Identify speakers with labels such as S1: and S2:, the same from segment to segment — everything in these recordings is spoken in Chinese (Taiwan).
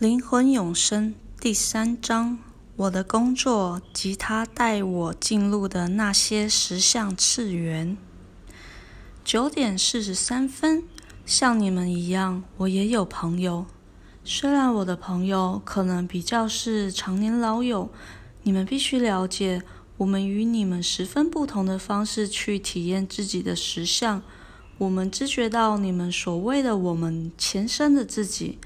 S1: 靈魂永生第三章：我的工作及它帶我進入的那些實相次元。九點四十三分，像你們一樣，我也有朋友。雖然我的朋友可能比較是常年老友，你們必須了解，我們與你們十分不同的方式去體驗自己的實相。我們知覺到你們所謂的我們前身的自己。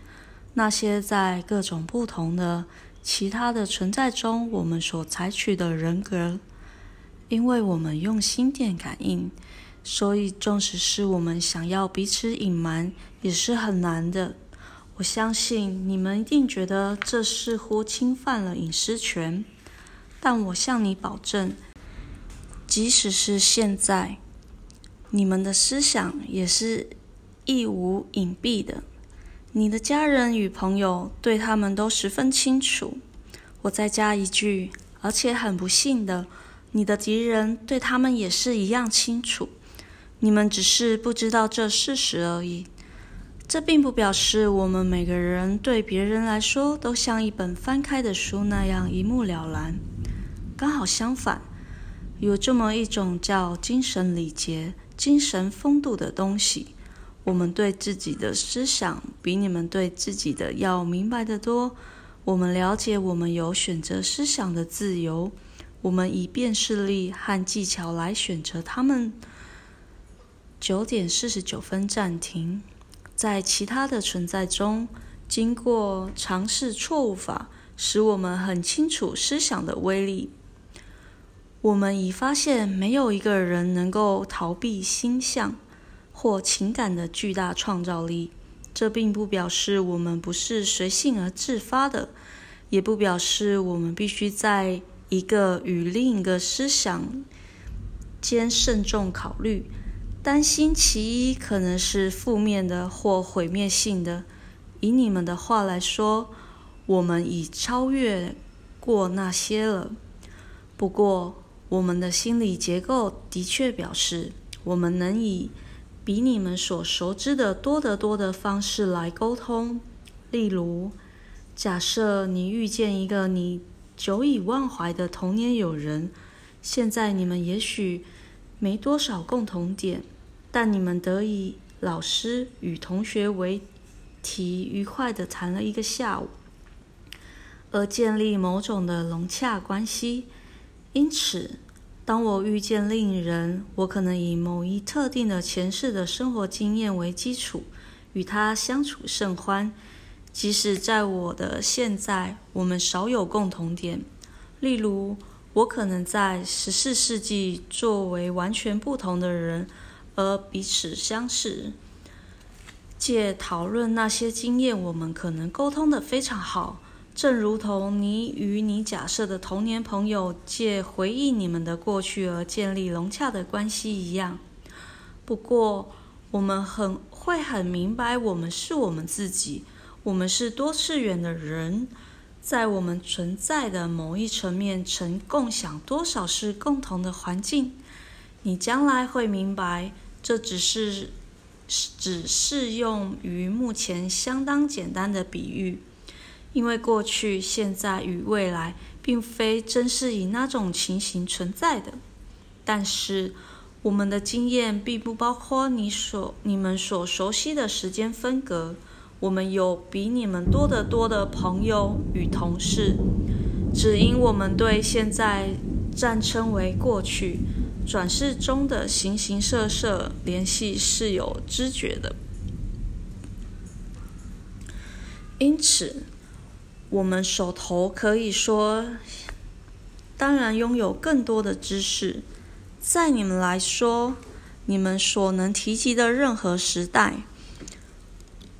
S1: 那些在各種不同的其他的存在中，我們所採取的人格，因為我們用心電感應，所以縱使是我們想要彼此隱瞞，也是很難的。我相信你們一定覺得這似乎侵犯了隱私權，但我向你保證，即使是現在，你們的思想也是一無隱蔽的。你的家人與朋友對他們都十分清楚。我再加一句，而且很不幸的，你的敵人對他們也是一樣清楚。你們只是不知道這事實而已。這並不表示我們每個人對別人來說都像一本翻開的書那樣一目了然。剛好相反，有這麼一種叫精神禮節、精神風度的東西。我們對自己的思想比你們對自己的要明白得多。我們了解，我們有選擇思想的自由。我們以辨識力和技巧來選擇他們。九點四十九分暫停。在其他的存在中，經過嘗試錯誤法，使我們很清楚思想的威力。我們已發現，沒有一個人能夠逃避心象或情感的巨大創造力，這並不表示我們不是隨性而自發的，也不表示我們必須在一個與另一個思想間慎重考慮，擔心其一可能是負面的或毀滅性的。以你們的話來說，我們已超越過那些了。不過，我們的心理結構的確表示我們能以。比你們所熟知的多得多的方式來溝通。例如，假設你遇見一個你久已忘懷的童年友人，現在你們也許沒多少共同點，但你們得以老師與同學為題，愉快的談了一個下午，而建立某種的融洽關係。因此。當我遇見另一人，我可能以某一特定的前世的生活經驗為基礎，與他相處甚歡，即使在我的現在，我們少有共同點。例如，我可能在十四世紀作為完全不同的人而彼此相識，借討論那些經驗，我們可能溝通得非常好。正如同你與你假設的童年朋友借回憶你們的過去而建立融洽的關係一樣，不過我們很會很明白，我們是我們自己，我們是多次元的人，在我們存在的某一層面，曾共享多少是共同的環境。你將來會明白，這只是只適用於目前相當簡單的比喻。因為過去、現在與未來並非真是以那種情形存在的，但是我們的經驗並不包括你所、你們所熟悉的時間分隔。我們有比你們多得多的朋友與同事，只因我們對現在暫稱為過去、轉世中的形形色色聯繫是有知覺的，因此。我們手頭可以說，當然擁有更多的知識，在你們來說，你們所能提及的任何時代，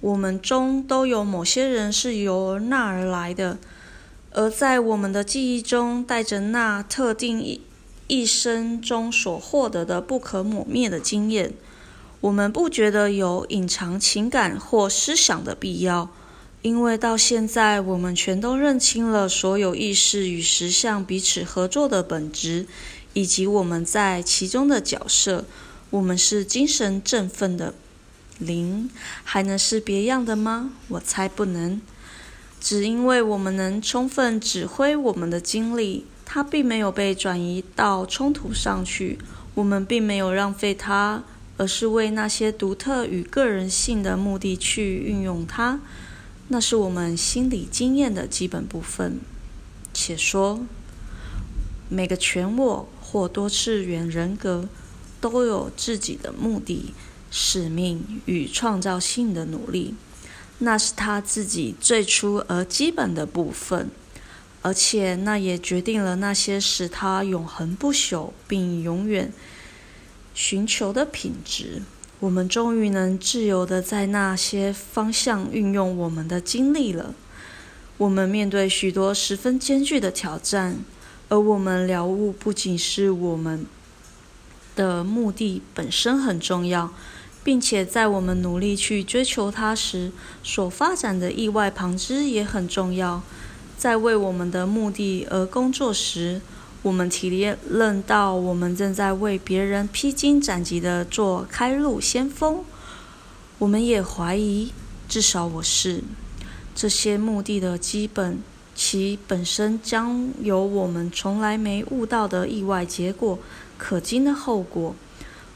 S1: 我們中都有某些人是由那而來的，而在我們的記憶中，帶着那特定一一生中所獲得的不可磨滅的經驗，我們不覺得有隱藏情感或思想的必要。因為到現在，我們全都認清了所有意識與實相彼此合作的本質，以及我們在其中的角色。我們是精神振奮的靈，還能是別樣的嗎？我猜不能。只因為我們能充分指揮我們的精力，它並沒有被轉移到衝突上去。我們並沒有浪費它，而是為那些獨特與個人性的目的去運用它。那是我們心理經驗的基本部分。且說，每個全我或多次元人格都有自己的目的、使命與創造性的努力，那是他自己最初而基本的部分，而且那也決定了那些使他永恆不朽並永遠尋求的品質。我們終於能自由的在那些方向運用我們的精力了。我們面對許多十分艱鉅的挑戰，而我們了悟不僅是我們的目的本身很重要，並且在我們努力去追求它時所發展的意外旁支也很重要。在為我們的目的而工作時。我們體認到，我們正在為別人披荊斬棘的做開路先鋒。我們也懷疑，至少我是，這些目的的基本其本身將有我們從來沒悟到的意外結果，可驚的後果，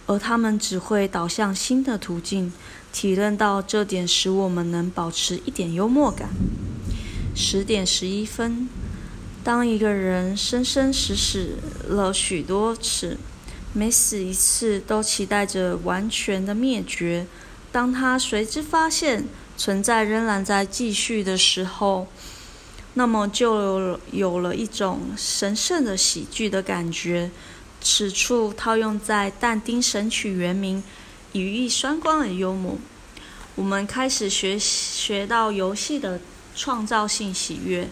S1: 而他們只會導向新的途徑。體認到這點，使我們能保持一點幽默感。十點十一分。當一個人生生死死了許多次，每死一次都期待着完全的滅絕，當他隨之發現存在仍然在繼續的時候，那麼就有了，有了一種神聖的喜劇的感覺。此處套用在但丁《神曲》原名，語義雙關的幽默。我們開始學學到遊戲的創造性喜悅。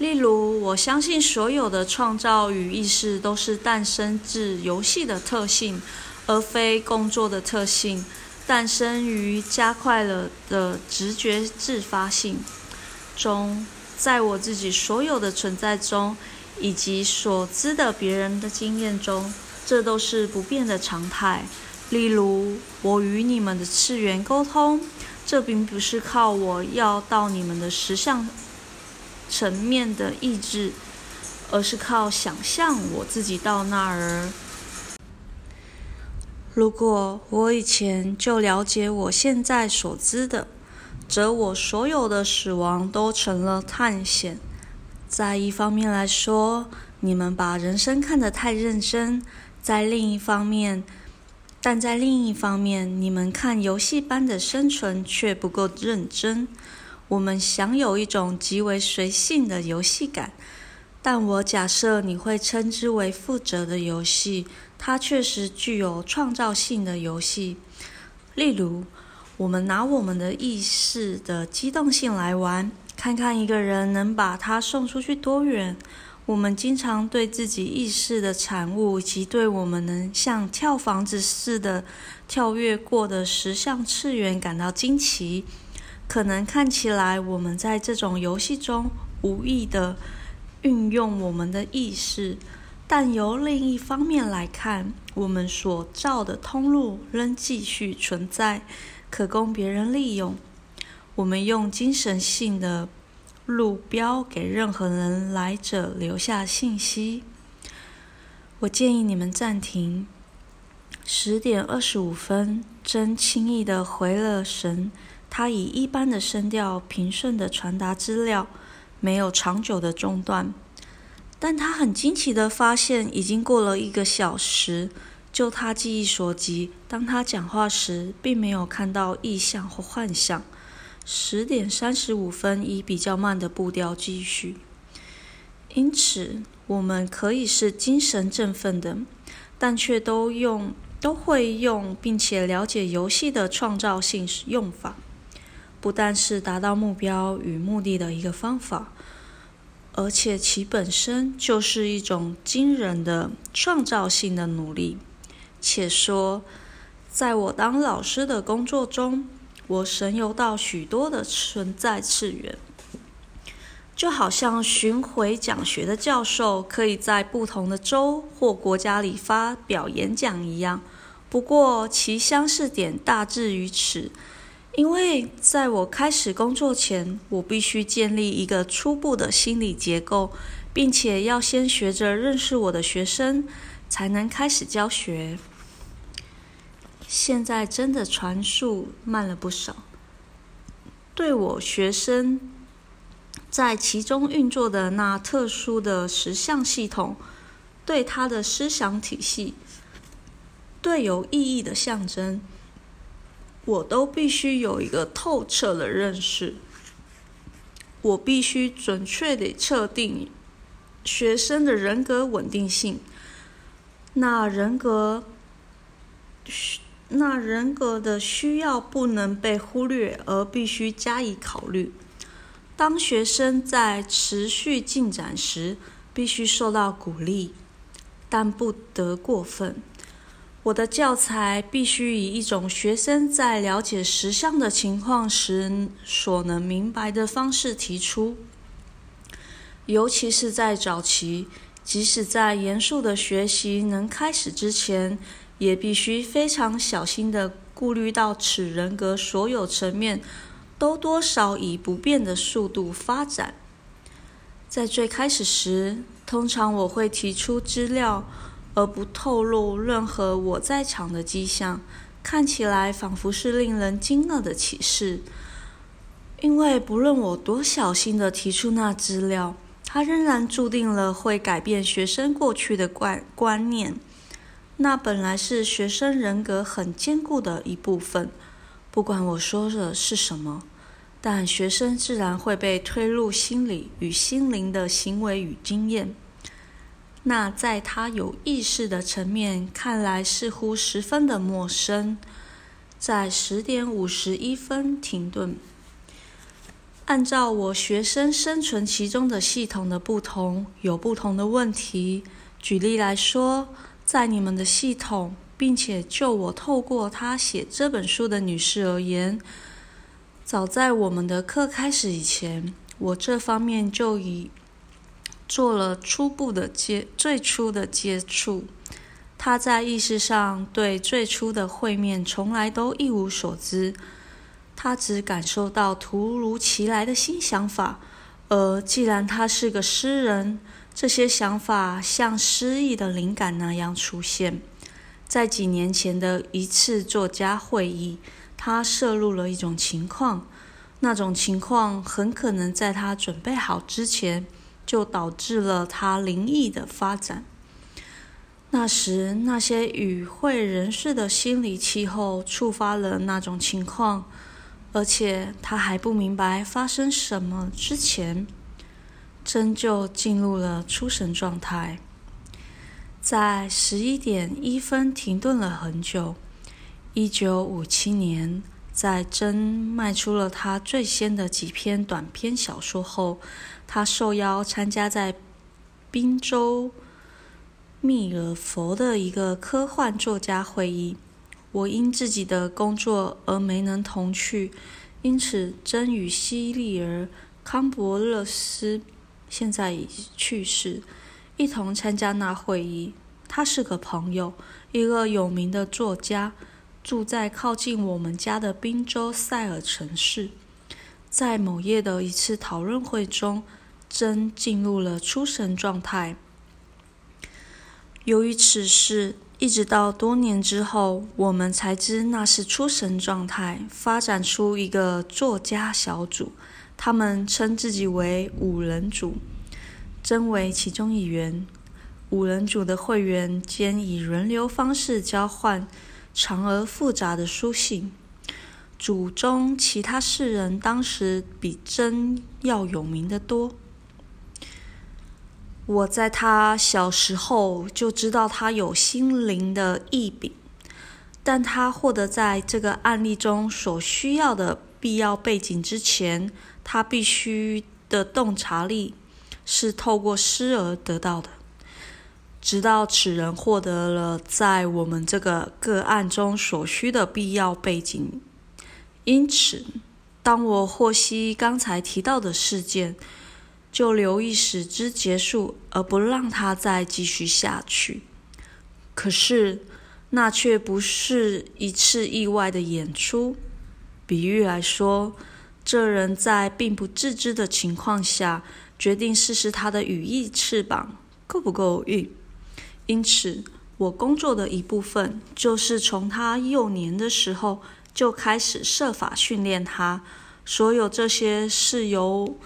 S1: 例如，我相信所有的創造與意識都是誕生自遊戲的特性，而非工作的特性，誕生於加快了的直覺自發性中。在我自己所有的存在中，以及所知的別人的經驗中，這都是不變的常態。例如，我與你們的次元溝通，這並不是靠我要到你們的實相。層面的意志，而是靠想象我自己到那兒。如果我以前就了解我現在所知的，則我所有的死亡都成了探險。在一方面來說，你們把人生看得太認真；在另一方面，但在另一方面，你們看遊戲般的生存卻不夠認真。我們享有一種極為隨性的遊戲感，但我假設你會稱之為負責的遊戲。它確實具有創造性的遊戲。例如，我們拿我們的意識的機動性來玩，看看一個人能把它送出去多遠。我們經常對自己意識的產物以及對我們能像跳房子似的跳躍過的實相次元感到驚奇。可能看起來我們在這種遊戲中無意的運用我們的意識，但由另一方面來看，我們所造的通路仍繼續存在，可供別人利用。我們用精神性的路標給任何人來者留下信息。我建議你們暫停。十點二十五分，真輕易的回了神。他以一般的聲調平順地傳達資料，沒有長久的中斷。但他很驚奇地發現，已經過了一個小時。就他記憶所及，當他講話時，並沒有看到意象或幻想。十點三十五分，以比較慢的步調繼續。因此，我們可以是精神振奮的，但卻都用都會用，並且了解遊戲的創造性用法。不但是達到目標與目的的一個方法，而且其本身就是一種驚人的創造性的努力。且說，在我當老師的工作中，我神遊到許多的存在次元，就好像巡迴講學的教授可以在不同的州或國家裡發表演講一樣。不過，其相似點大致於此。因為在我開始工作前，我必須建立一個初步的心理結構，並且要先學着認識我的學生，才能開始教學。現在真的傳述慢了不少。對我學生在其中運作的那特殊的實相系統，對他的思想體系，對有意義的象徵。我都必須有一個透徹的認識。我必須準確地測定學生的人格穩定性。那人格，那人格的需要不能被忽略，而必須加以考慮。當學生在持續進展時，必須受到鼓勵，但不得過分。我的教材必須以一種學生在了解實相的情況時所能明白的方式提出，尤其是在早期，即使在嚴肅的學習能開始之前，也必須非常小心地顧慮到此人格所有層面都多少以不變的速度發展。在最開始時，通常我會提出資料。而不透露任何我在場的跡象，看起來仿佛是令人驚愕的啟示。因為不論我多小心地提出那資料，它仍然注定了會改變學生過去的怪觀，觀念。那本來是學生人格很堅固的一部分，不管我說的是什麼，但學生自然會被推入心理與心靈的行為與經驗。那在他有意識的層面看來，似乎十分的陌生。在十點五十一分停頓。按照我學生生存其中的系統的不同，有不同的問題。舉例來說，在你們的系統，並且就我透過他寫這本書的女士而言，早在我們的課開始以前，我這方面就已。做了初步的接最初的接觸，他在意識上對最初的會面從來都一無所知。他只感受到突如其來的新想法，而既然他是個詩人，這些想法像詩意的靈感那樣出現。在幾年前的一次作家會議，他攝入了一種情況，那種情況很可能在他準備好之前。就導致了他靈異的發展。那時，那些與會人士的心理氣候觸發了那種情況，而且他還不明白發生什麼之前，珍就進入了出神狀態，在十一點一分停頓了很久。一九五七年，在珍賣出了他最先的幾篇短篇小說後，他受邀參加在賓州密爾佛的一個科幻作家會議，我因自己的工作而沒能同去，因此珍與西利爾康伯勒斯現在已去世，一同參加那會議。他是個朋友，一個有名的作家，住在靠近我們家的賓州塞爾城市。在某夜的一次討論會中，真進入了出神狀態。由於此事，一直到多年之後，我們才知那是出神狀態。發展出一個作家小組，他們稱自己為五人組，真為其中一員。五人組的會員間以輪流方式交換長而複雜的書信。組中其他四人當時比真要有名得多。我在他小時候就知道他有心靈的異稟，但他獲得在這個案例中所需要的必要背景之前，他必須的洞察力是透過失而得到的。直到此人獲得了在我們這個個案中所需的必要背景，因此，當我獲悉剛才提到的事件。就留意使之結束，而不讓它再繼續下去。可是，那卻不是一次意外的演出。比喻來說，這人在並不自知的情況下，決定試試他的羽翼翅膀夠不夠硬。因此，我工作的一部分就是從他幼年的時候就開始設法訓練他。所有這些是由。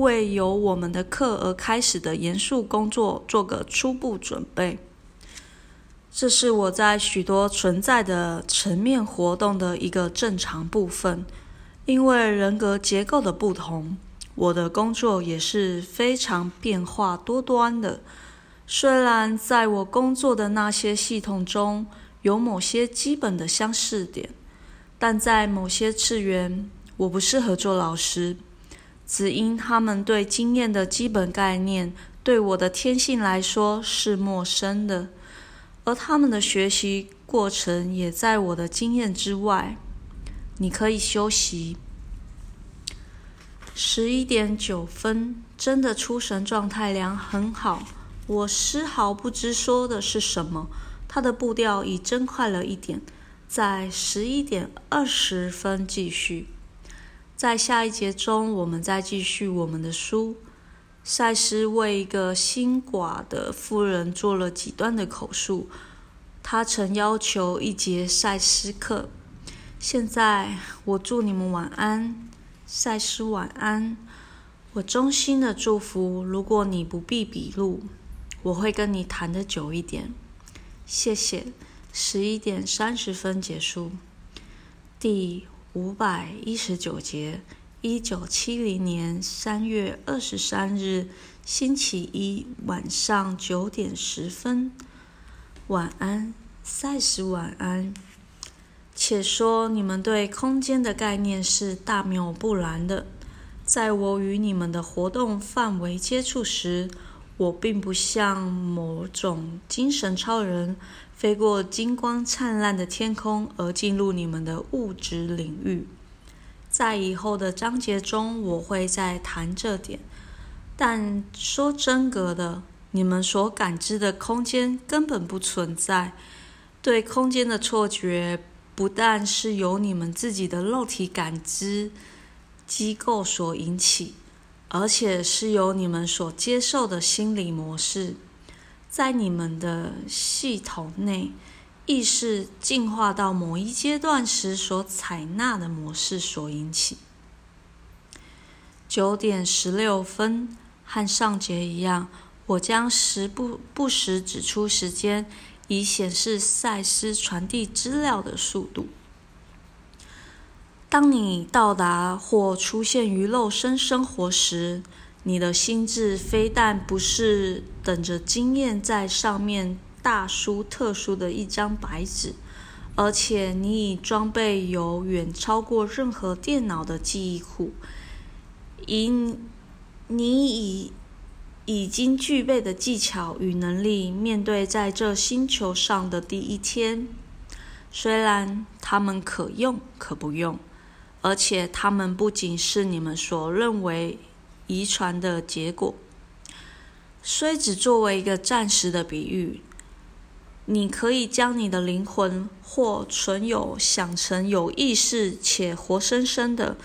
S1: 為由我們的課而開始的嚴肅工作做個初步準備，這是我在許多存在的層面活動的一個正常部分。因為人格結構的不同，我的工作也是非常變化多端的。雖然在我工作的那些系統中有某些基本的相似點，但在某些次元，我不適合做老師。只因他們對經驗的基本概念，對我的天性來說是陌生的，而他們的學習過程也在我的經驗之外。你可以休息。十一點九分，真的出神狀態良很好，我絲毫不知說的是什麼。他的步調已增快了一點，在十一點二十分繼續。在下一節中，我們再繼續我們的書。賽斯為一個新寡的婦人做了幾段的口述，他曾要求一節賽斯課。現在，我祝你們晚安，賽斯晚安。我衷心的祝福。如果你不必筆錄，我會跟你談得久一點。謝謝。十一點三十分結束。第五百一十九節，一九七零年三月二十三日，星期一晚上九點十分。晚安，賽斯晚安。且說你們對空間的概念是大謬不然的。在我與你們的活動範圍接觸時，我並不像某種精神超人。飛過金光燦爛的天空，而進入你們的物質領域。在以後的章節中，我會再談這點。但說真格的，你們所感知的空間根本不存在。對空間的錯覺，不但是由你們自己的肉體感知機構所引起，而且是由你們所接受的心理模式，在你們的系統內，意識進化到某一階段時所採納的模式所引起。九點十六分，和上節一樣，我將時不不時指出時間，以顯示賽斯傳遞資料的速度。當你到達或出現於肉身生活時。你的心智非但不是等着經驗在上面大書特書的一張白紙，而且你已裝備有遠超過任何電腦的記憶庫，以你已已經具備的技巧與能力面對在這星球上的第一天，雖然它們可用可不用，而且它們不僅是你們所認為。遺傳的結果，雖只作為一個暫時的比喻，你可以將你的靈魂或存有想成有意識且活生生的、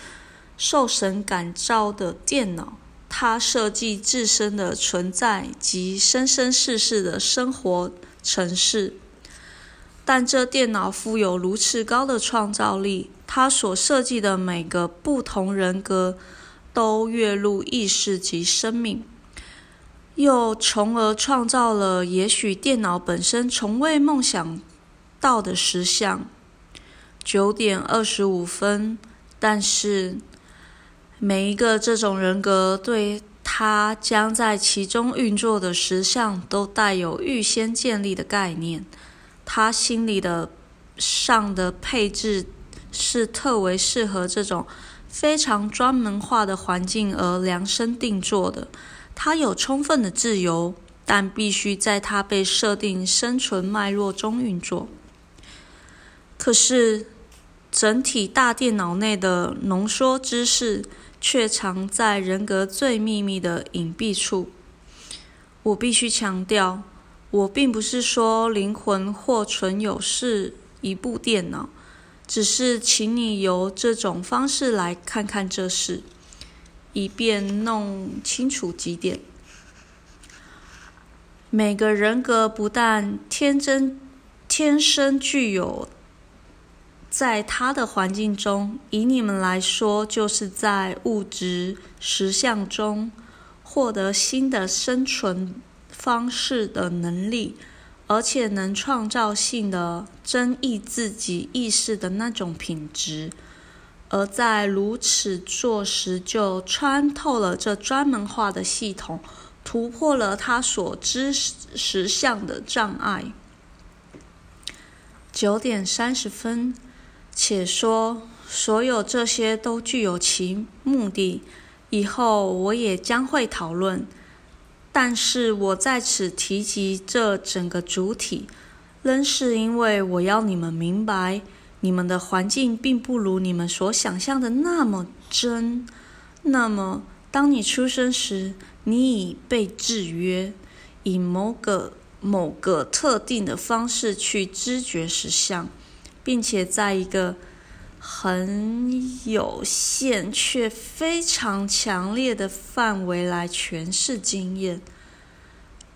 S1: 受神感召的電腦。它設計自身的存在及生生世世的生活程式，但這電腦富有如此高的創造力，它所設計的每個不同人格。都躍入意識及生命，又從而創造了也許電腦本身從未夢想到的實相。九點二十五分，但是每一個這種人格對他將在其中運作的實相，都帶有預先建立的概念。他心理的上的配置是特為適合這種，非常專門化的環境而量身定做的，它有充分的自由，但必須在它被設定生存脈絡中運作。可是，整體大電腦內的濃縮知識卻常在人格最秘密的隱蔽處。我必須強調，我並不是說靈魂或存有是一部電腦。只是，請你由這種方式來看看這事，以便弄清楚幾點。每個人格不但天真、天生具有，在他的環境中，以你們來說，就是在物質實相中獲得新的生存方式的能力。而且能創造性的增益自己意識的那種品質，而在如此做時，就穿透了這專門化的系統，突破了他所知實相的障礙。九點三十分，且說所有這些都具有其目的，以後我也將會討論。但是我在此提及這整個主題，仍是因為我要你們明白，你們的環境並不如你們所想象的那麼真。那麼，當你出生時，你已被制約，以某個某個特定的方式去知覺實相，並且在一個很有限卻非常強烈的範圍來詮釋經驗。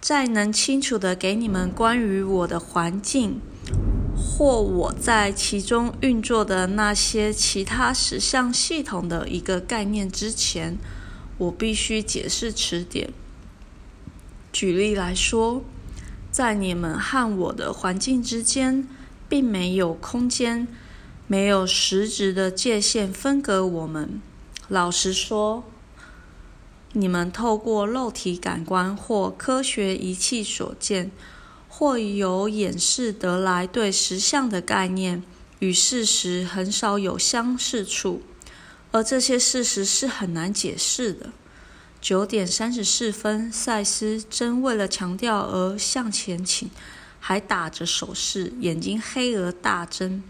S1: 在能清楚地給你們關於我的環境或我在其中運作的那些其他實相系統的一個概念之前，我必須解釋此點。舉例來說，在你們和我的環境之間，並沒有空間。沒有實質的界限分隔我們。老實說，你們透過肉體感官或科學儀器所見，或有演示得來對實相的概念，與事實很少有相似處，而這些事實是很難解釋的。九點三十四分，賽斯真為了強調而向前傾，還打着手勢，眼睛黑而大睜。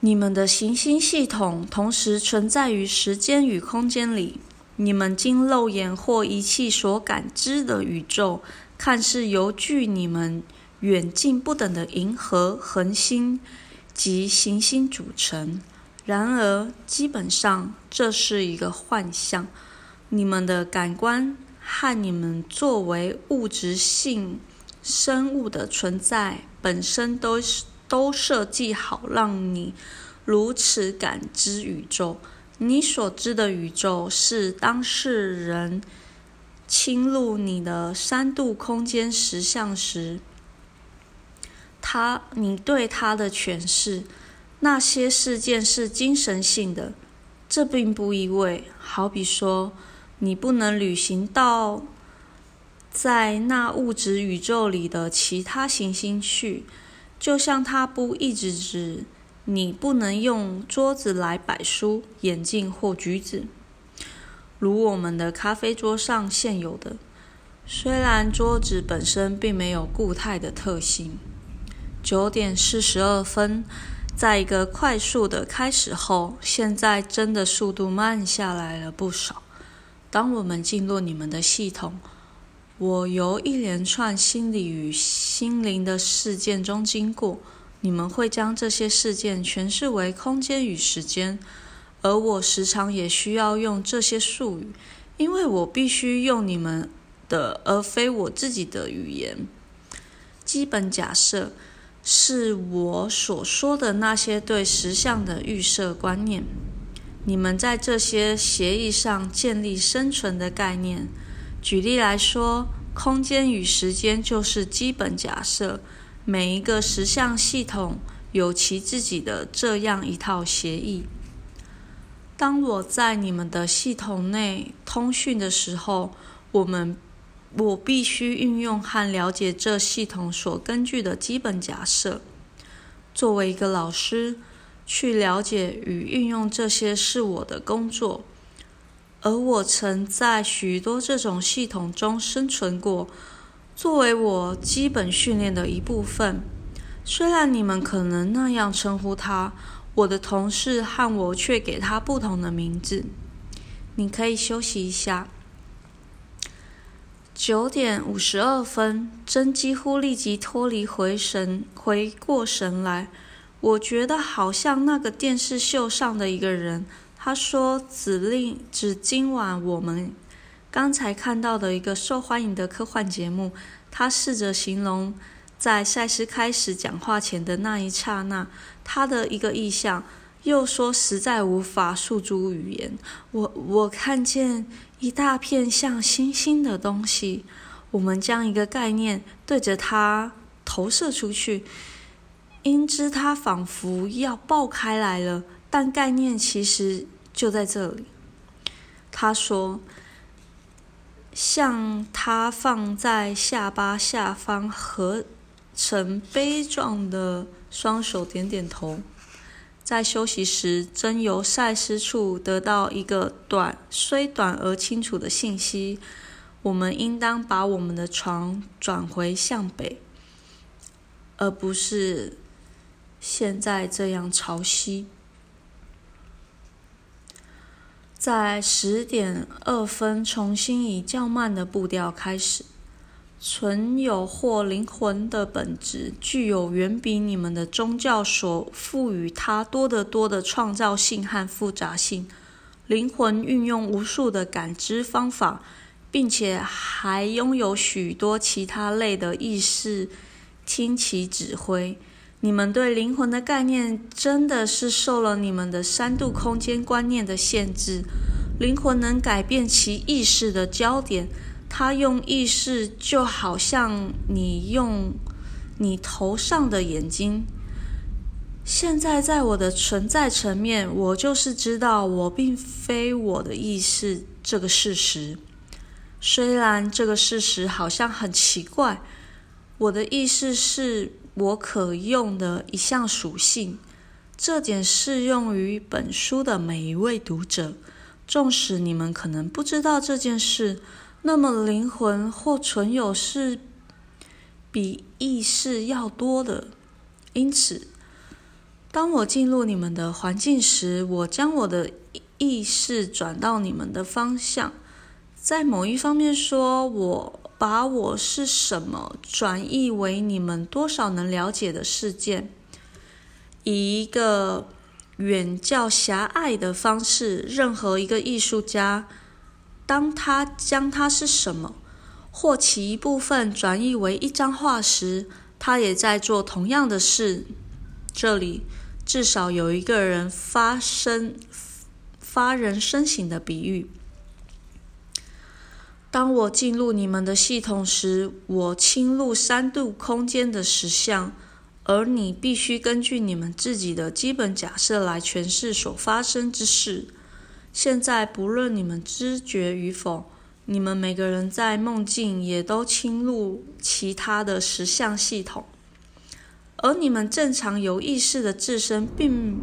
S1: 你們的行星系統同時存在於時間與空間裡。你們經肉眼或儀器所感知的宇宙，看似由距你們遠近不等的銀河、恆星及行星組成。然而，基本上這是一個幻象。你們的感官和你們作為物質性生物的存在本身都是。都設計好讓你如此感知宇宙。你所知的宇宙是當事人侵入你的三度空間實相時，他你對他的詮釋。那些事件是精神性的，這並不意味，好比說，你不能旅行到在那物質宇宙裡的其他行星去。就像它不一直指，你不能用桌子來擺書、眼鏡或橘子，如我們的咖啡桌上現有的。雖然桌子本身並沒有固態的特性。九點四十二分，在一個快速的開始後，現在真的速度慢下來了不少。當我們進入你們的系統。我由一連串心理與心靈的事件中經過，你們會將這些事件詮釋為空間與時間，而我時常也需要用這些術語，因為我必須用你們的而非我自己的語言。基本假設是我所說的那些對實相的預設觀念，你們在這些協議上建立生存的概念。舉例來說，空間與時間就是基本假設，每一個實相系統有其自己的這樣一套協議。當我在你們的系統內通訊的時候，我們，我必須運用和了解這系統所根據的基本假設。作為一個老師，去了解與運用這些是我的工作。而我曾在許多這種系統中生存過，作為我基本訓練的一部分。雖然你們可能那樣稱呼他，我的同事和我卻給他不同的名字。你可以休息一下。九點五十二分，珍幾乎立即脫離回神，回過神來。我覺得好像那個電視秀上的一個人。他說：“指令指今晚我們剛才看到的一個受歡迎的科幻節目。他試着形容，在賽斯開始講話前的那一剎那，他的一個意象。又說實在無法訴諸語言。我我看見一大片像星星的東西。我們將一個概念對着它投射出去，因之它仿佛要爆開來了，但概念其實。”就在這裡，他說：“像他放在下巴下方、合成杯狀的雙手點點頭。在休息時，珍由賽斯處得到一個短、雖短而清楚的信息：我們應當把我們的床轉回向北，而不是現在這樣朝西。”在十點二分，重新以較慢的步調開始。存有或靈魂的本質具有遠比你們的宗教所賦予它多得多的創造性和複雜性。靈魂運用無數的感知方法，並且還擁有許多其他類的意識，聽其指揮。你們對靈魂的概念真的是受了你們的三度空間觀念的限制。靈魂能改變其意識的焦點，它用意識就好像你用你頭上的眼睛。現在在我的存在層面，我就是知道我並非我的意識這個事實，雖然這個事實好像很奇怪。我的意思是。我可用的一項屬性，這點適用於本書的每一位讀者，縱使你們可能不知道這件事，那麼靈魂或存有是比意識要多的。因此，當我進入你們的環境時，我將我的意識轉到你們的方向。在某一方面說，我。把我是什麼轉譯為你們多少能了解的事件，以一個遠較狹隘的方式。任何一個藝術家，當他將它是什麼或其一部分轉譯為一張畫時，他也在做同樣的事。這裡至少有一個人發生發人深省的比喻。當我進入你們的系統時，我侵入三度空間的實相，而你必須根據你們自己的基本假設來詮釋所發生之事。現在，不論你們知覺與否，你們每個人在夢境也都侵入其他的實相系統，而你們正常有意識的自身並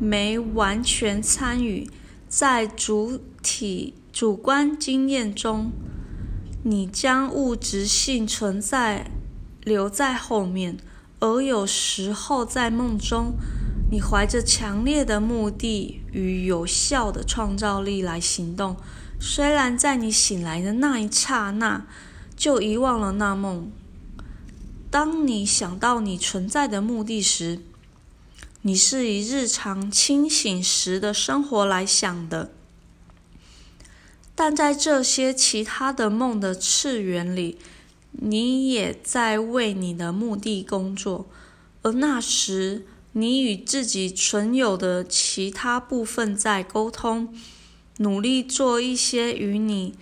S1: 沒完全參與在主體。主觀經驗中，你將物質性存在留在後面，而有時候在夢中，你懷着強烈的目的與有效的創造力來行動，雖然在你醒來的那一剎那就遺忘了那夢。當你想到你存在的目的時，你是以日常清醒時的生活來想的。但在這些其他的夢的次元裡，你也在為你的目的工作，而那時你與自己存有的其他部分在溝通，努力做一些與你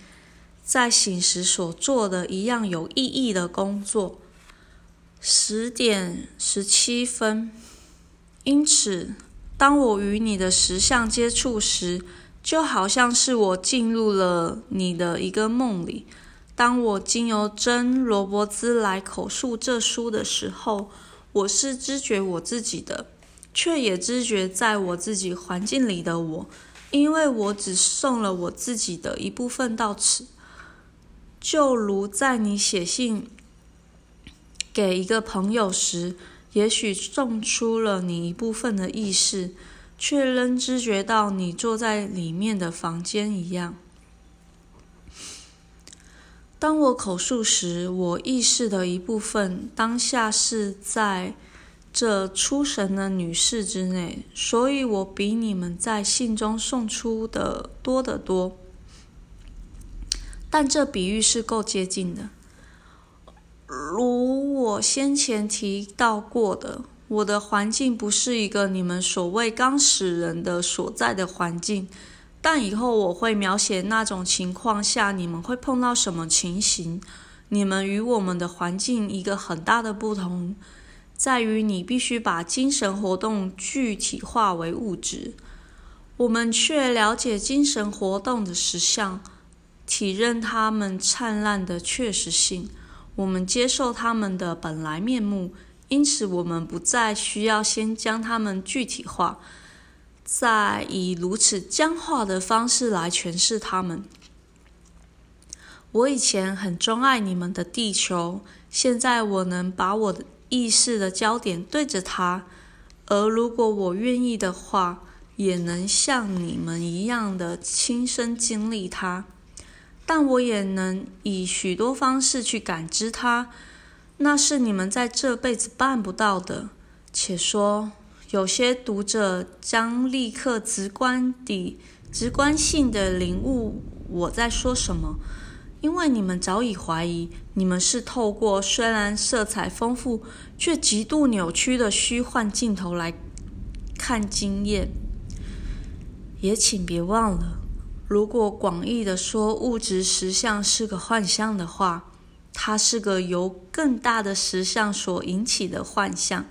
S1: 在醒時所做的一樣有意義的工作。十點十七分，因此，當我與你的實相接觸時。就好像是我進入了你的一個夢裡。當我經由珍·羅伯茲來口述這書的時候，我是知覺我自己的，卻也知覺在我自己環境裡的我，因為我只送了我自己的一部分到此。就如在你寫信給一個朋友時，也許送出了你一部分的意識。卻仍知覺到你坐在裡面的房間一樣。當我口述時，我意識的一部分當下是在這出神的女士之內，所以我比你們在信中送出的多得多。但這比喻是夠接近的，如我先前提到過的。我的環境不是一個你們所謂“剛死人”的所在的環境，但以後我會描寫那種情況下你們會碰到什麼情形。你們與我們的環境一個很大的不同，在於你必須把精神活動具體化為物質，我們卻了解精神活動的實相，體認它們燦爛的確實性，我們接受它們的本來面目。因此，我們不再需要先將它們具體化，再以如此僵化的方式來詮釋它們。我以前很鍾愛你們的地球，現在我能把我的意識的焦點對着它，而如果我願意的話，也能像你們一樣的親身經歷它。但我也能以許多方式去感知它。那是你們在這輩子辦不到的。且說，有些讀者將立刻直觀地、直觀性地領悟我在說什麼，因為你們早已懷疑，你們是透過雖然色彩豐富卻極度扭曲的虛幻鏡頭來看經驗。也請別忘了，如果廣義的說物質實相是個幻象的話。它是個由更大的實相所引起的幻象，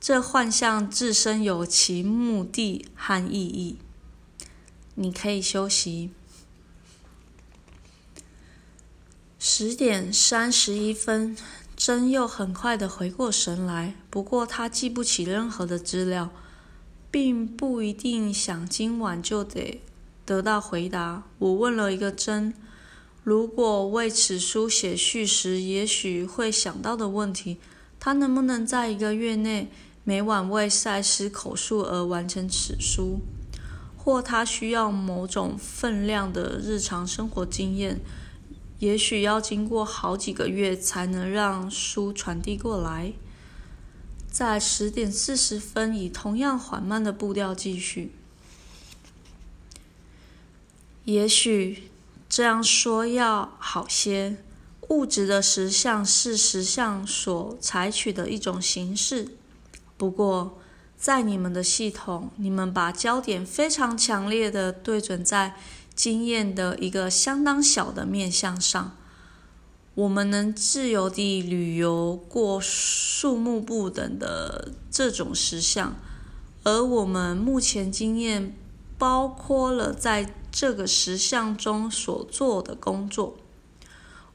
S1: 這幻象自身有其目的和意義。你可以休息。十點三十一分，珍又很快地回過神來，不過他記不起任何的資料，並不一定想今晚就得得到回答。我問了一個珍。如果為此書寫序時，也許會想到的問題：他能不能在一個月內每晚為賽斯口述而完成此書？或他需要某種分量的日常生活經驗，也許要經過好幾個月才能讓書傳遞過來。在十點四十分，以同樣緩慢的步調繼續。也許。這樣說要好些。物質的實相是實相所採取的一種形式。不過，在你們的系統，你們把焦點非常強烈地對準在經驗的一個相當小的面向上。我們能自由地旅遊過數目不等的這種實相，而我們目前經驗。包括了在這個實相中所做的工作。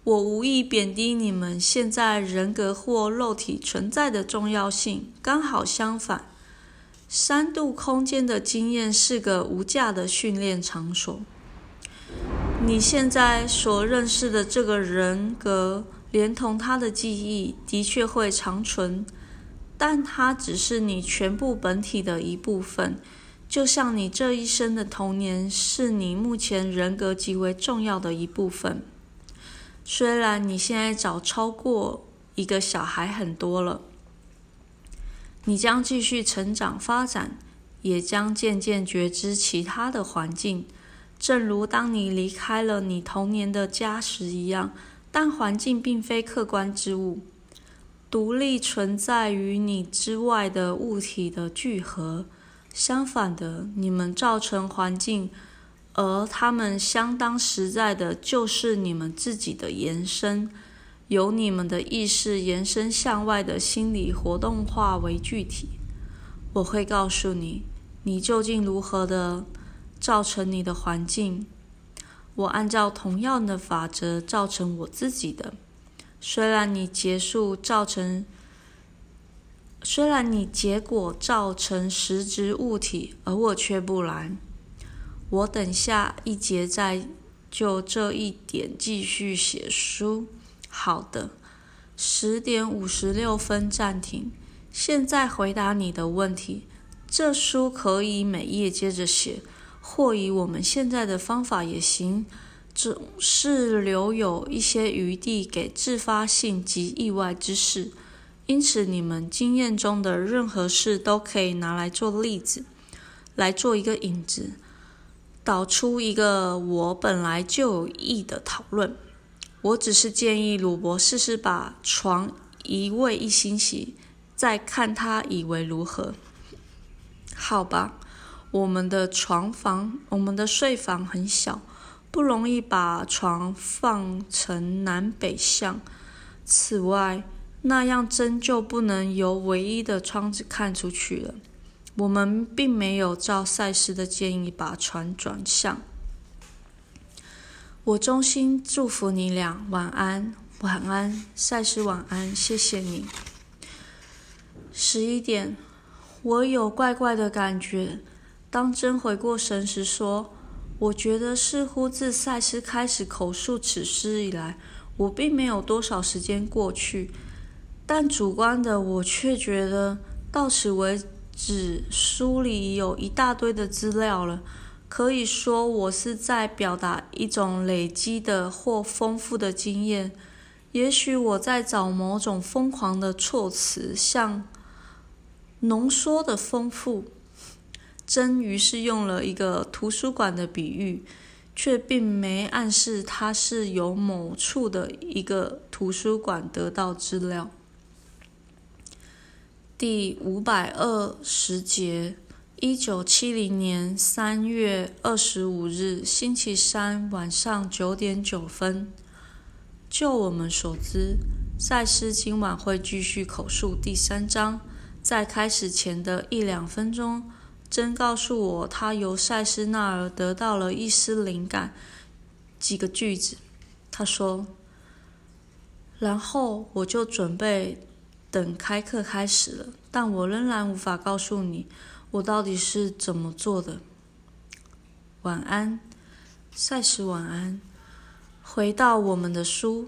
S1: 我無意貶低你們現在人格或肉體存在的重要性，剛好相反，三度空間的經驗是個無價的訓練場所。你現在所認識的這個人格，連同他的記憶，的確會長存，但它只是你全部本體的一部分。就像你這一生的童年是你目前人格極為重要的一部分，雖然你現在早超過一個小孩很多了，你將繼續成長發展，也將漸漸覺知其他的環境，正如當你離開了你童年的家時一樣，但環境並非客觀之物，獨立存在於你之外的物體的聚合。相反的，你們造成環境，而他們相當實在的，就是你們自己的延伸，由你們的意識延伸向外的心理活動化為具體。我會告訴你，你究竟如何的造成你的環境。我按照同樣的法則造成我自己的。雖然你結束造成。雖然你結果造成實質物體，而我卻不然。我等下一節再就這一點繼續寫書。好的，十點五十六分暫停。現在回答你的問題：這書可以每頁接着寫，或以我們現在的方法也行，總是留有一些餘地給自發性及意外之事。因此，你們經驗中的任何事都可以拿來做例子，來做一個引子，導出一個我本來就有意義的討論。我只是建議魯伯試試把床移位一星期，再看他以為如何。好吧，我們的床房，我們的睡房很小，不容易把床放成南北向。此外，那樣，真就不能由唯一的窗子看出去了。我們並沒有照賽斯的建議把船轉向。我衷心祝福你倆，晚安，晚安，賽斯，晚安，謝謝你。十一點，我有怪怪的感覺。當真回過神時，說：“我覺得似乎自賽斯開始口述此事以來，我並沒有多少時間過去。”但主觀的我卻覺得，到此為止，書裡有一大堆的資料了。可以說，我是在表達一種累積的或豐富的經驗。也許我在找某種瘋狂的措辭，像濃縮的豐富。珍於是用了一個圖書館的比喻，卻並沒暗示它是由某處的一個圖書館得到資料。第五百二十節，一九七零年三月二十五日星期三晚上九點九分。就我們所知，賽斯今晚會繼續口述第三章。在開始前的一兩分鐘，珍告訴我他由賽斯那兒得到了一絲靈感，幾個句子。他說，然後我就準備。等開課開始了，但我仍然無法告訴你，我到底是怎麼做的。晚安，賽斯，晚安。回到我們的書，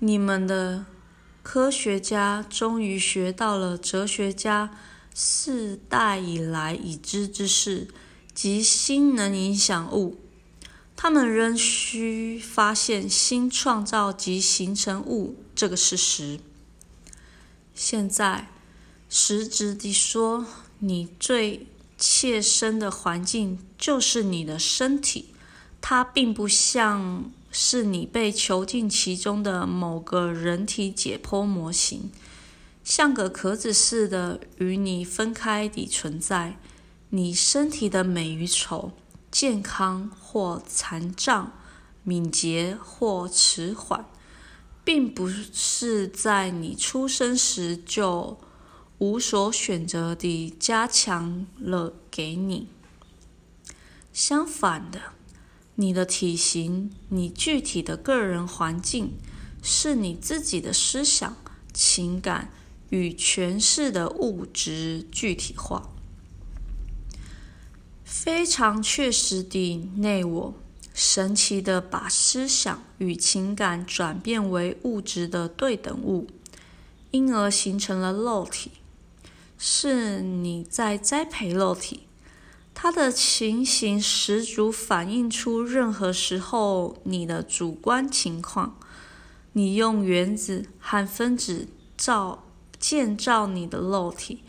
S1: 你們的科學家終於學到了哲學家世代以來已知之事，及心能影響物，他們仍需發現新創造及形成物這個事實。現在，實質地說，你最切身的環境就是你的身體，它並不像是你被囚禁其中的某個人體解剖模型，像個殼子似的與你分開地存在。你身體的美與醜。健康或殘障，敏捷或遲緩，並不是在你出生時就無所選擇地加強了給你。相反的，你的體型、你具體的個人環境，是你自己的思想、情感與詮釋的物質具體化。非常確實的內我，神奇地把思想與情感轉變為物質的對等物，因而形成了肉體。是你在栽培肉體，它的情形十足反映出任何時候你的主觀情況。你用原子和分子造建造你的肉體。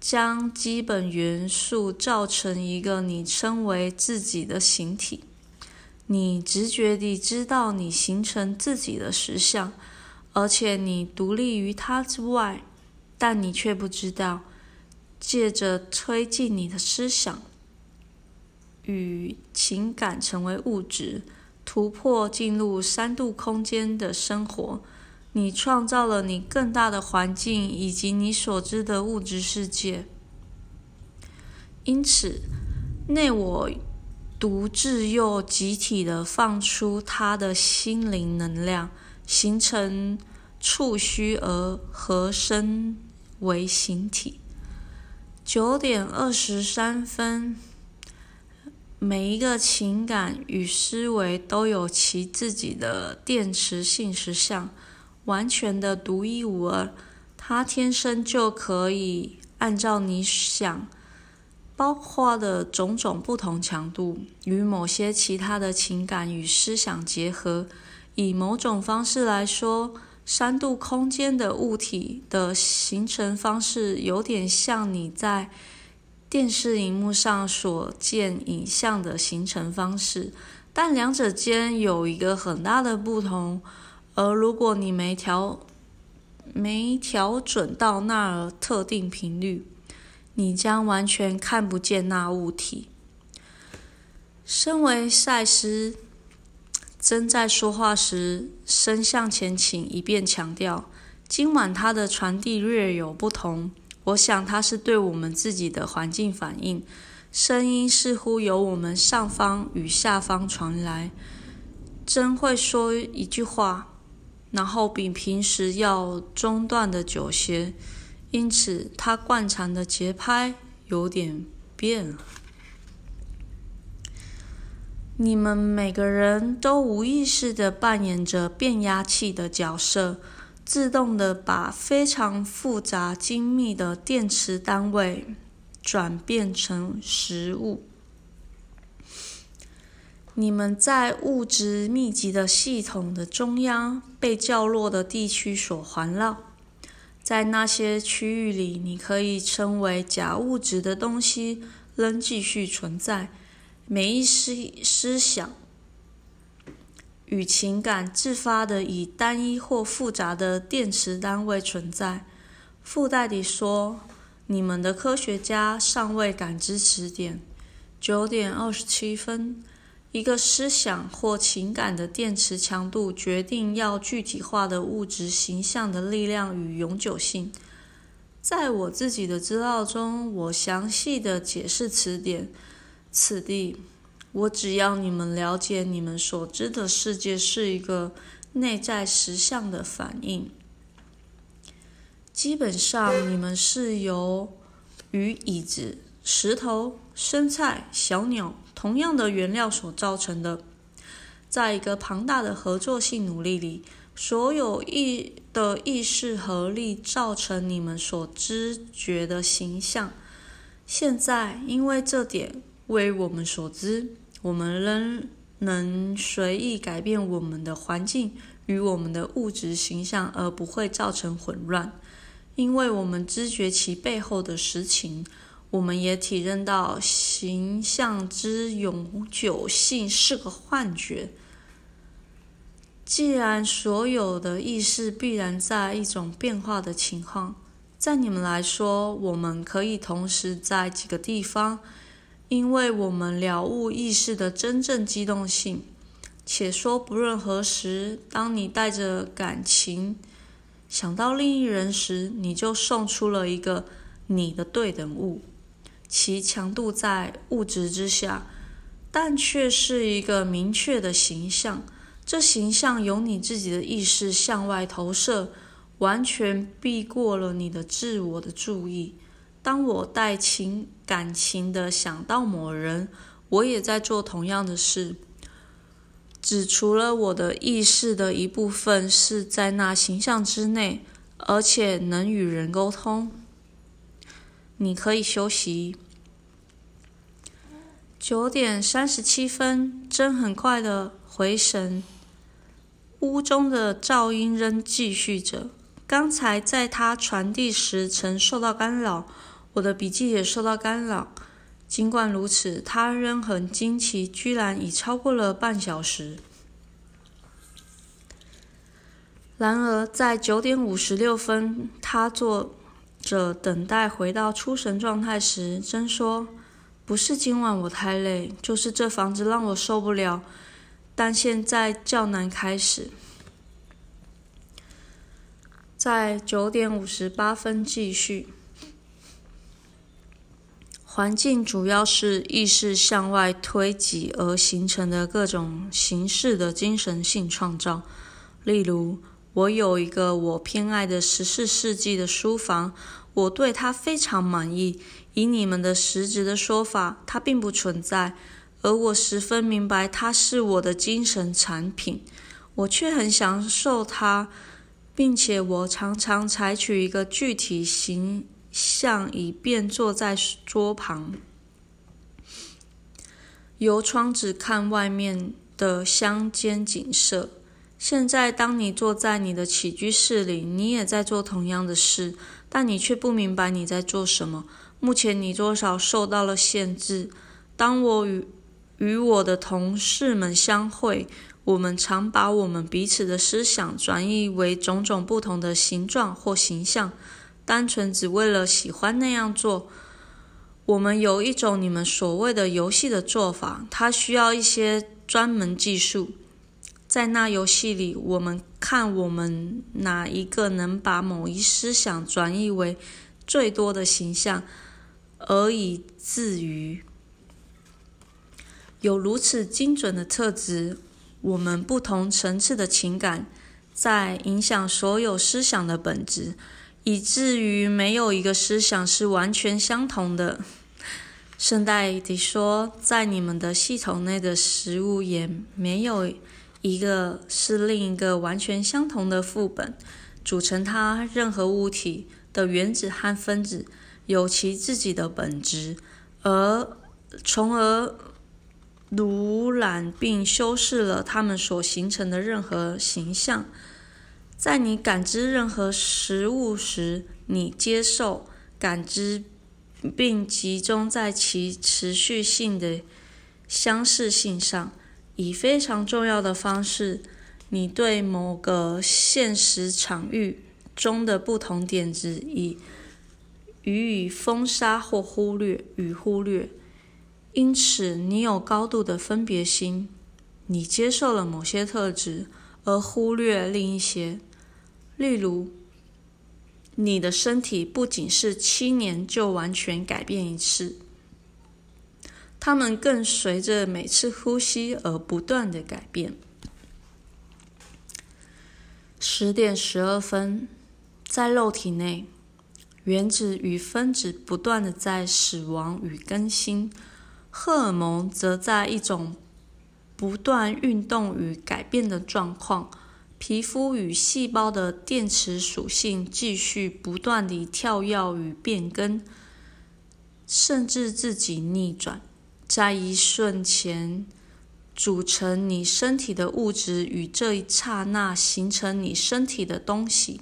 S1: 將基本元素造成一個你稱為自己的形體，你直覺地知道你形成自己的實相，而且你獨立於它之外，但你卻不知道，借着推進你的思想與情感成為物質，突破進入三度空間的生活。你創造了你更大的環境以及你所知的物質世界，因此內我獨自又集體的放出他的心靈能量，形成觸鬚而合身為形體。九點二十三分，每一個情感與思維都有其自己的電磁性實相。完全的獨一無二，它天生就可以按照你想包括的種種不同強度，與某些其他的情感與思想結合。以某種方式來說，三度空間的物體的形成方式有點像你在電視熒幕上所見影像的形成方式，但兩者間有一個很大的不同。而如果你沒調，沒調準到那兒特定頻率，你將完全看不見那物體。身為賽斯，真在說話時身向前傾，一邊強調：今晚他的傳遞略有不同。我想他是對我們自己的環境反應，聲音似乎由我們上方與下方傳來。真會說一句話。然後比平時要中斷的久些，因此它慣常的節拍有點變了。你們每個人都無意識的扮演着變壓器的角色，自動的把非常複雜精密的電池單位轉變成實物。你們在物質密集的系統的中央，被較弱的地區所環繞。在那些區域裡，你可以稱為假物質的東西仍繼續存在。每一思思想與情感自發的以單一或複雜的電磁單位存在。附帶地說，你們的科學家尚未感知此點。九點二十七分。一個思想或情感的電磁強度決定要具體化的物質形象的力量與永久性。在我自己的資料中，我詳細的解釋此點。此地，我只要你們了解，你們所知的世界是一個內在實相的反應。基本上，你們是由魚、椅子、石頭、生菜、小鳥。同樣的原料所造成的，在一個龐大的合作性努力裡，所有意的意識合力造成你們所知覺的形象。現在，因為這點為我們所知，我們仍能隨意改變我們的環境與我們的物質形象，而不會造成混亂，因為我們知覺其背後的實情。我們也體認到形象之永久性是個幻覺。既然所有的意識必然在一種變化的情況，在你們來說，我們可以同時在幾個地方，因為我們了悟意識的真正機動性。且說不論何時，當你帶着感情想到另一人時，你就送出了一個你的對等物。其強度在物質之下，但卻是一個明確的形象。這形象由你自己的意識向外投射，完全避過了你的自我的注意。當我帶情感情的想到某人，我也在做同樣的事，只除了我的意識的一部分是在那形象之內，而且能與人溝通。你可以休息。九點三十七分，珍很快的回神。屋中的噪音仍繼續着。剛才在他傳遞時曾受到干擾，我的筆記也受到干擾。儘管如此，他仍很驚奇，居然已超過了半小時。然而，在九點五十六分，他做着等待回到出神狀態時，真說：“不是今晚我太累，就是這房子讓我受不了。”但現在較難開始，在九點五十八分繼續。環境主要是意識向外推擠而形成的各種形式的精神性創造，例如，我有一個我偏愛的十四世紀的書房。我對它非常滿意。以你們的實質的說法，它並不存在，而我十分明白它是我的精神產品。我卻很享受它，並且我常常採取一個具體形象，以便坐在桌旁，由窗子看外面的鄉間景色。現在，當你坐在你的起居室裡，你也在做同樣的事。但你卻不明白你在做什麼。目前你多少受到了限制。當我與與我的同事們相會，我們常把我們彼此的思想轉移為種種不同的形狀或形象，單純只為了喜歡那樣做。我們有一種你們所謂的“遊戲”的做法，它需要一些專門技術。在那遊戲裡，我們看我們哪一個能把某一思想轉譯為最多的形象，而以至於有如此精準的特質。我們不同層次的情感在影響所有思想的本質，以至於沒有一個思想是完全相同的。順帶的說，在你們的系統內的食物也沒有。一個是另一個完全相同的副本，組成它任何物體的原子和分子有其自己的本質，而從而污染並修飾了它們所形成的任何形象。在你感知任何實物時，你接受、感知並集中在其持續性的相似性上。以非常重要的方式，你對某個現實場域中的不同點子以予以封殺或忽略與忽略。因此，你有高度的分別心，你接受了某些特質而忽略了另一些。例如，你的身體不僅是七年就完全改變一次。它們更隨着每次呼吸而不斷的改變。十點十二分，在肉體內，原子與分子不斷的在死亡與更新，荷爾蒙則在一種不斷運動與改變的狀況，皮膚與細胞的電磁屬性繼續不斷的跳躍與變更，甚至自己逆轉。在一瞬間組成你身體的物質與這一剎那形成你身體的東西，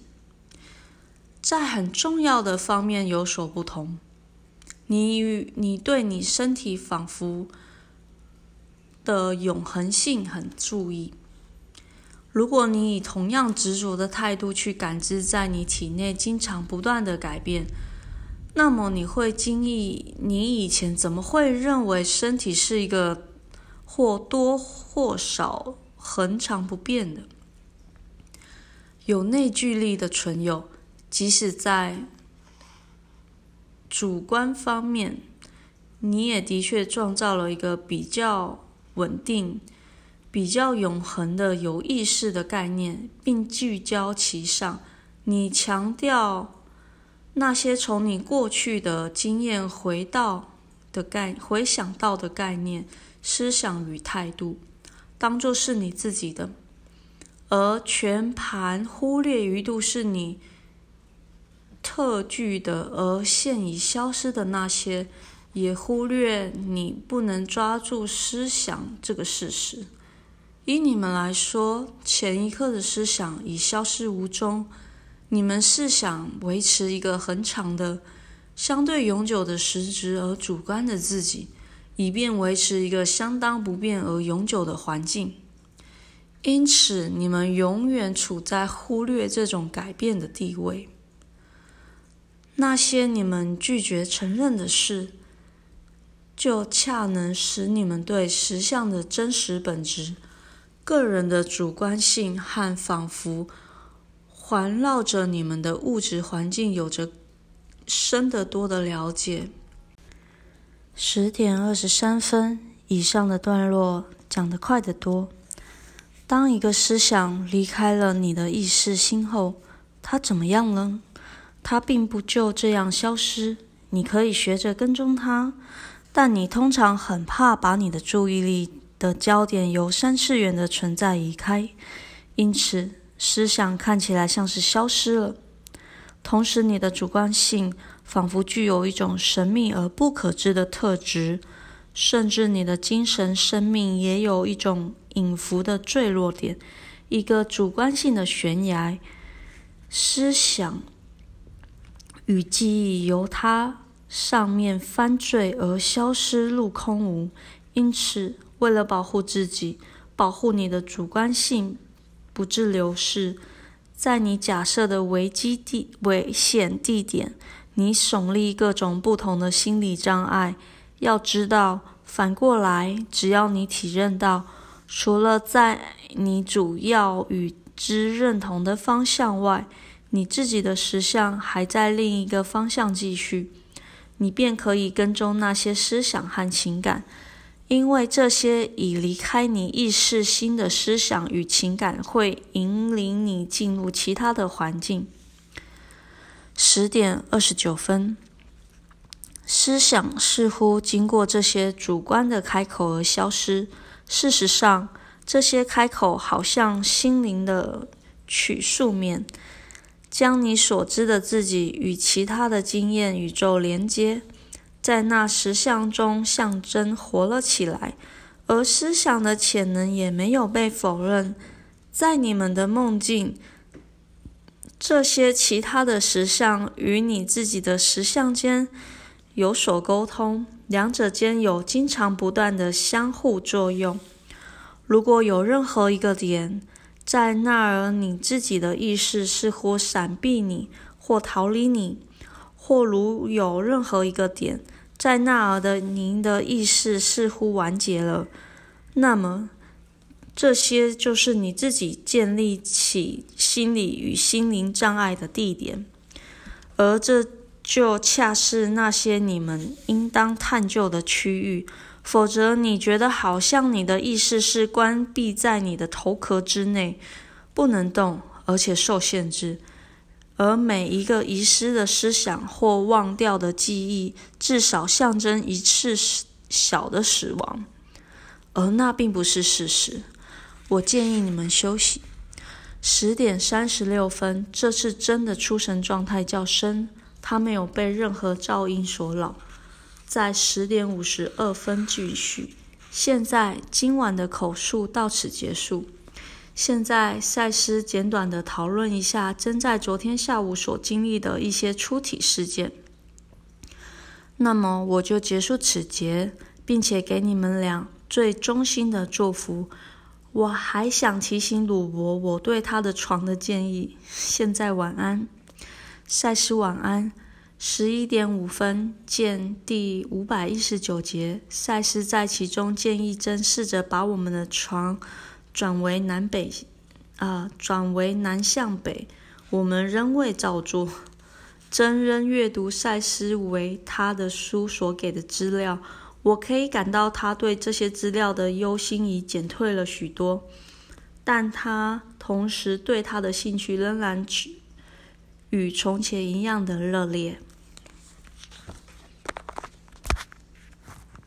S1: 在很重要的方面有所不同。你與你對你身體仿佛的永恆性很注意。如果你以同樣執着的態度去感知，在你體內經常不斷的改變。那麼你會驚異，你以前怎麼會認為身體是一個或多或少恆常不變的、有內聚力的存有？即使在主觀方面，你也的確創造了一個比較穩定、比較永恆的有意識的概念，並聚焦其上。你強調。那些從你過去的經驗回到的概回想到的概念、思想與態度，當作是你自己的，而全盤忽略一度是你特具的，而現已消失的那些，也忽略你不能抓住思想這個事實。以你們來說，前一刻的思想已消失無蹤。你們是想維持一個很長的、相對永久的實質而主觀的自己，以便維持一個相當不變而永久的環境。因此，你們永遠處在忽略這種改變的地位。那些你們拒絕承認的事，就恰能使你們對實相的真實本質、個人的主觀性和仿佛。環繞着你們的物質環境，有着深得多的了解。十點二十三分以上的段落講得快得多。當一個思想離開了你的意識心後，它怎麼樣呢？它並不就這樣消失。你可以學着跟蹤它，但你通常很怕把你的注意力的焦點由三次元的存在移開，因此。思想看起來像是消失了，同時你的主觀性仿佛具有一種神秘而不可知的特質，甚至你的精神生命也有一種隱伏的墜落點，一個主觀性的懸崖。思想與記憶由它上面翻墜而消失，入空無。因此，為了保護自己，保護你的主觀性。不致流逝。在你假設的危機地、危險地點，你聳立各種不同的心理障礙。要知道，反過來，只要你體認到，除了在你主要與之認同的方向外，你自己的實相還在另一個方向繼續，你便可以跟蹤那些思想和情感。因為這些已離開你意識心的思想與情感，會引領你進入其他的環境。十點二十九分，思想似乎經過這些主觀的開口而消失。事實上，這些開口好像心靈的曲數面，將你所知的自己與其他的經驗宇宙連接。在那實相中，象徵活了起來，而思想的潛能也沒有被否認。在你們的夢境，這些其他的實相與你自己的實相間有所溝通，兩者間有經常不斷的相互作用。如果有任何一個點在那兒，你自己的意識似乎閃避你或逃離你。或如有任何一個點在那兒的，您的意識似乎完結了，那麼這些就是你自己建立起心理與心靈障礙的地點，而這就恰是那些你們應當探究的區域。否則，你覺得好像你的意識是關閉在你的頭殼之內，不能動，而且受限制。而每一個遺失的思想或忘掉的記憶，至少象徵一次小的死亡，而那並不是事實。我建議你們休息。十點三十六分，這次真的出神狀態較深，他沒有被任何噪音所擾。在十點五十二分繼續。現在，今晚的口述到此結束。現在，賽斯簡短地討論一下珍在昨天下午所經歷的一些出體事件。那麼，我就結束此節，並且給你們倆最衷心的祝福。我還想提醒魯伯我，我對他的床的建議。現在，晚安，賽斯，晚安。十一點五分，見第五百一十九節。賽斯在其中建議珍試着把我們的床，轉為南北，啊、呃，轉為南向北，我們仍未照做。珍仍閱讀賽斯為他的書所給的資料，我可以感到他對這些資料的憂心已減退了許多，但他同時對他的興趣仍然與從前一樣的熱烈。